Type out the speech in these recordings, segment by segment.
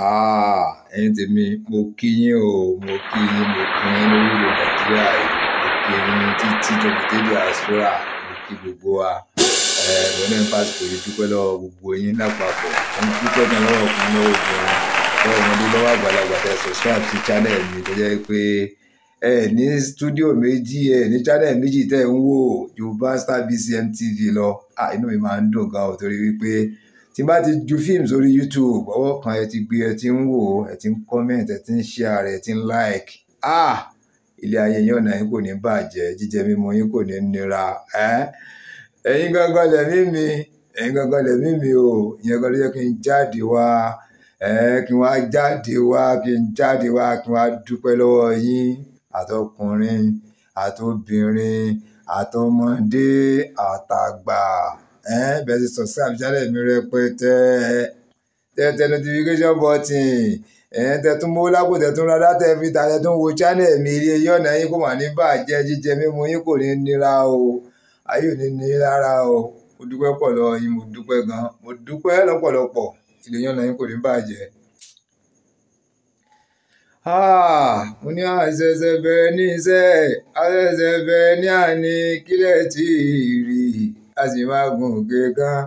Ah, ẹ̀yin tèmi mo kí yín o mo kí yín mo kí yín lórílẹ̀ nàìjíríà mo kí yín títí tó fi dé diaspora mo kí gbogbo wa mo ní pásítọ̀ yìí dúpẹ́ lọ́wọ́ gbogbo yín lápapọ̀ mo dúpẹ́ kan lọ́wọ́ ọkùnrin lọ́wọ́ obìnrin lọ́wọ́ ọmọdé lọ́wọ́ àgbàlagbà tẹ subscribe sí channel mi tó jẹ́ pé ẹ ní studio méjì ẹ ní channel méjì tẹ́ ń wò Yorùbá Star BCM TV lọ ah, inú mi máa ń dùn gan o torí wípé tí bá ti ju fíìmù sórí YouTube ọwọ́ kan ẹ ti gbé ẹ ti ń wò ẹ ti ń comment ẹ ti ń share ẹ ti ń like ah ilé ayé yín ọ̀nà yín kò ní bàjẹ́ jíjẹ mímu yín kò ní nira ẹ̀yin gangan lẹ̀mí mi ẹ̀yin gangan lẹ̀mí mi o ìyẹn gan ló yẹ kí n jáde wá kí n wá jáde wá kí n jáde wá kí n wá dúpẹ́ lọ́wọ́ yín àtọkùnrin àtobìnrin àtọmọdé àtàgbà. bẹ́ẹ̀ sì subscribe channel mi rẹpẹtẹ tẹ tẹ notification button tẹ tún mú lápò tẹ tún rárá tẹ fi ta tẹ tún wo channel mi kò mà ní bàjẹ́ jíjẹ mímu yín kò ní nira o ayé ò ní o mo dúpẹ́ pọ̀ lọ yín mo dúpẹ́ gan mo dúpẹ́ lọ́pọ̀lọpọ̀ ilé yọ̀nà yín kò ní bàjẹ́ ah, mo ní ní ní àní kílẹ̀ tí ì rí a sì máa gun òkè kan.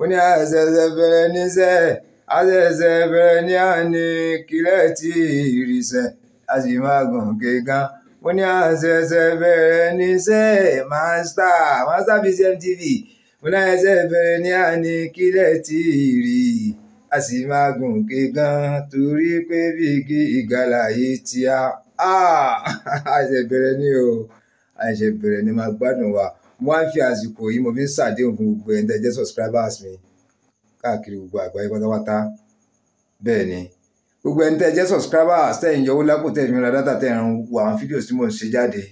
ó ní àṣẹṣẹ bẹ̀rẹ̀ níṣẹ́ àṣẹṣẹ bẹ̀rẹ̀ ní àní kílẹ̀tì ìrìṣẹ́ a sì máa gun òkè kan. ó ní àṣẹṣẹ bẹ̀rẹ̀ níṣẹ́ mástà mástà BCM TV ó ní àṣẹṣẹ bẹ̀rẹ̀ ní àní kílẹ̀tì ìrì a sì máa gun òkè kan torí pé bí igi ìgalà yìí ti a àṣẹ bẹ̀rẹ̀ ní o àṣẹ bẹ̀rẹ̀ ní máa gbádùn wa mo wá ń fi àsìkò yìí mo fi ń ṣàdéhùn fún gbogbo ẹni tẹ́ jẹ́ subscribers mi káàkiri gbogbo àgbáyé pátápátá bẹ́ẹ̀ ni gbogbo ẹni tẹ́ jẹ́ subscribers tẹ́ ń yọwó lápò tẹ́ ń ra dátà tẹ́ ń wo àwọn fídíò tí mò ń ṣe jáde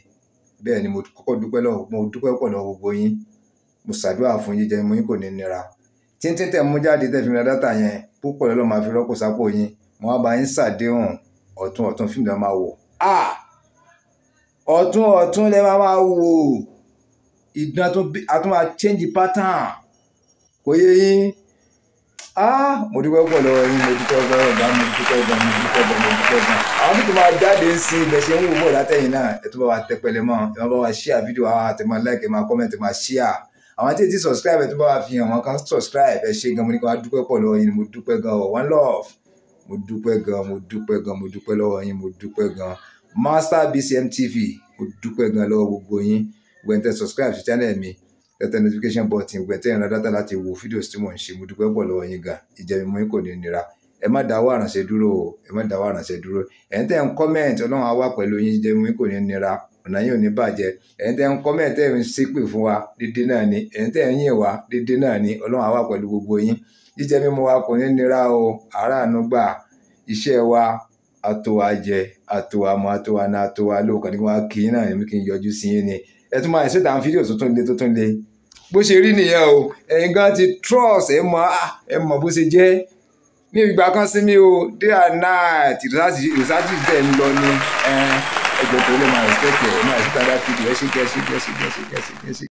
bẹ́ẹ̀ ni mo kọ́kọ́ dúpẹ́ lọ́wọ́ mo dúpẹ́ pọ̀ lọ́wọ́ gbogbo yín mo ṣàdúrà fún yín jẹ́ mo yín kò ní nira tíntín tẹ́ mú jáde tẹ́ fi ra dátà yẹn púpọ̀ lọ́lọ́ máa fi rọ́pò sápò yín mo wá bá yín ṣàdéhùn ọ̀tún ọ̀tún fíìmù lẹ́ máa wò ah! ọ̀tún ọ̀tún lẹ́ máa máa wò ìdán àtún máa change pattern kò yé yín ah mo dúpẹ́ pọ̀ lọ́wọ́ yín mo dúpẹ́ pọ̀ ọ̀gá mo dúpẹ́ gan mo dúpẹ́ gan mo dúpẹ́ gan àwọn tó máa jáde ń sin ibẹ̀ ṣe ń wò bọ̀ látẹ̀yìn náà ẹ̀ tó bá wa tẹpẹlẹ mọ́ ẹ̀ máa bá wa share fídíò àwọn àti máa like ẹ̀ máa comment ẹ̀ máa share àwọn tí ètí subscribe ẹ̀ tó bá wa fi hàn wọ́n kan subscribe ẹ̀ ṣe gan mo ní kí wọ́n dúpẹ́ pọ̀ lọ́wọ́ yín mo dúpẹ́ gan one love mo dúpẹ́ gan mo dúpẹ́ gan mo dúpẹ́ lọ́wọ́ yín mo dúpẹ́ gan Master BCM TV mo dúpẹ́ gan lọ́wọ́ gbogbo yín gbẹ̀ntẹ́ subscribe sí channel mi tẹ́tẹ́ notification button gbẹ̀ntẹ́ ìran dátà láti wo fídíò tí mò ń ṣe mo dúpẹ́ pọ̀ lọ́wọ́ yín gan ìjẹ́mímọ́ yín kò ní nira ẹ má dáwọ́ àránṣẹ́ dúró o ẹ má dáwọ́ àránṣẹ́ dúró ẹ̀yin tẹ́ ń kọ́mẹ̀ntì ọlọ́run á wà pẹ̀lú yín ìjẹ́mímọ́ yín kò ní nira ọ̀nà yín ò ní bàjẹ́ ẹ̀yin tẹ́ ń kọ́mẹ̀ntì ẹ̀ ń sípè fún wa dídí náà ni ẹ̀yin tẹ́ ń yìn wá dídí náà ni ọlọ́run á wà pẹ̀lú gbogbo yín jíjẹ wa kò ní nira o àràánú gbà iṣẹ́ wa àtòwájẹ àtòwámọ àtòwáná àtòwálò kàdé wa kì í náà ní kí n yọjú sí yín ni ẹ tún máa ṣe tàn fídíò tó le tó le bó ṣe rí nìyẹn o ẹ̀yin gan ti trust ẹ mọ̀ ah, ẹ mọ̀ bó ṣe jẹ́ ní ìgbà kan sí mi o day and night research is there ń lọ ni ẹgbẹ́ tó lè máa respect ẹ̀ máa ṣe tàdá fídíò ẹ ṣe kẹ́ ṣe kẹ́ ṣe kẹ́ ṣe kẹ́ ṣe.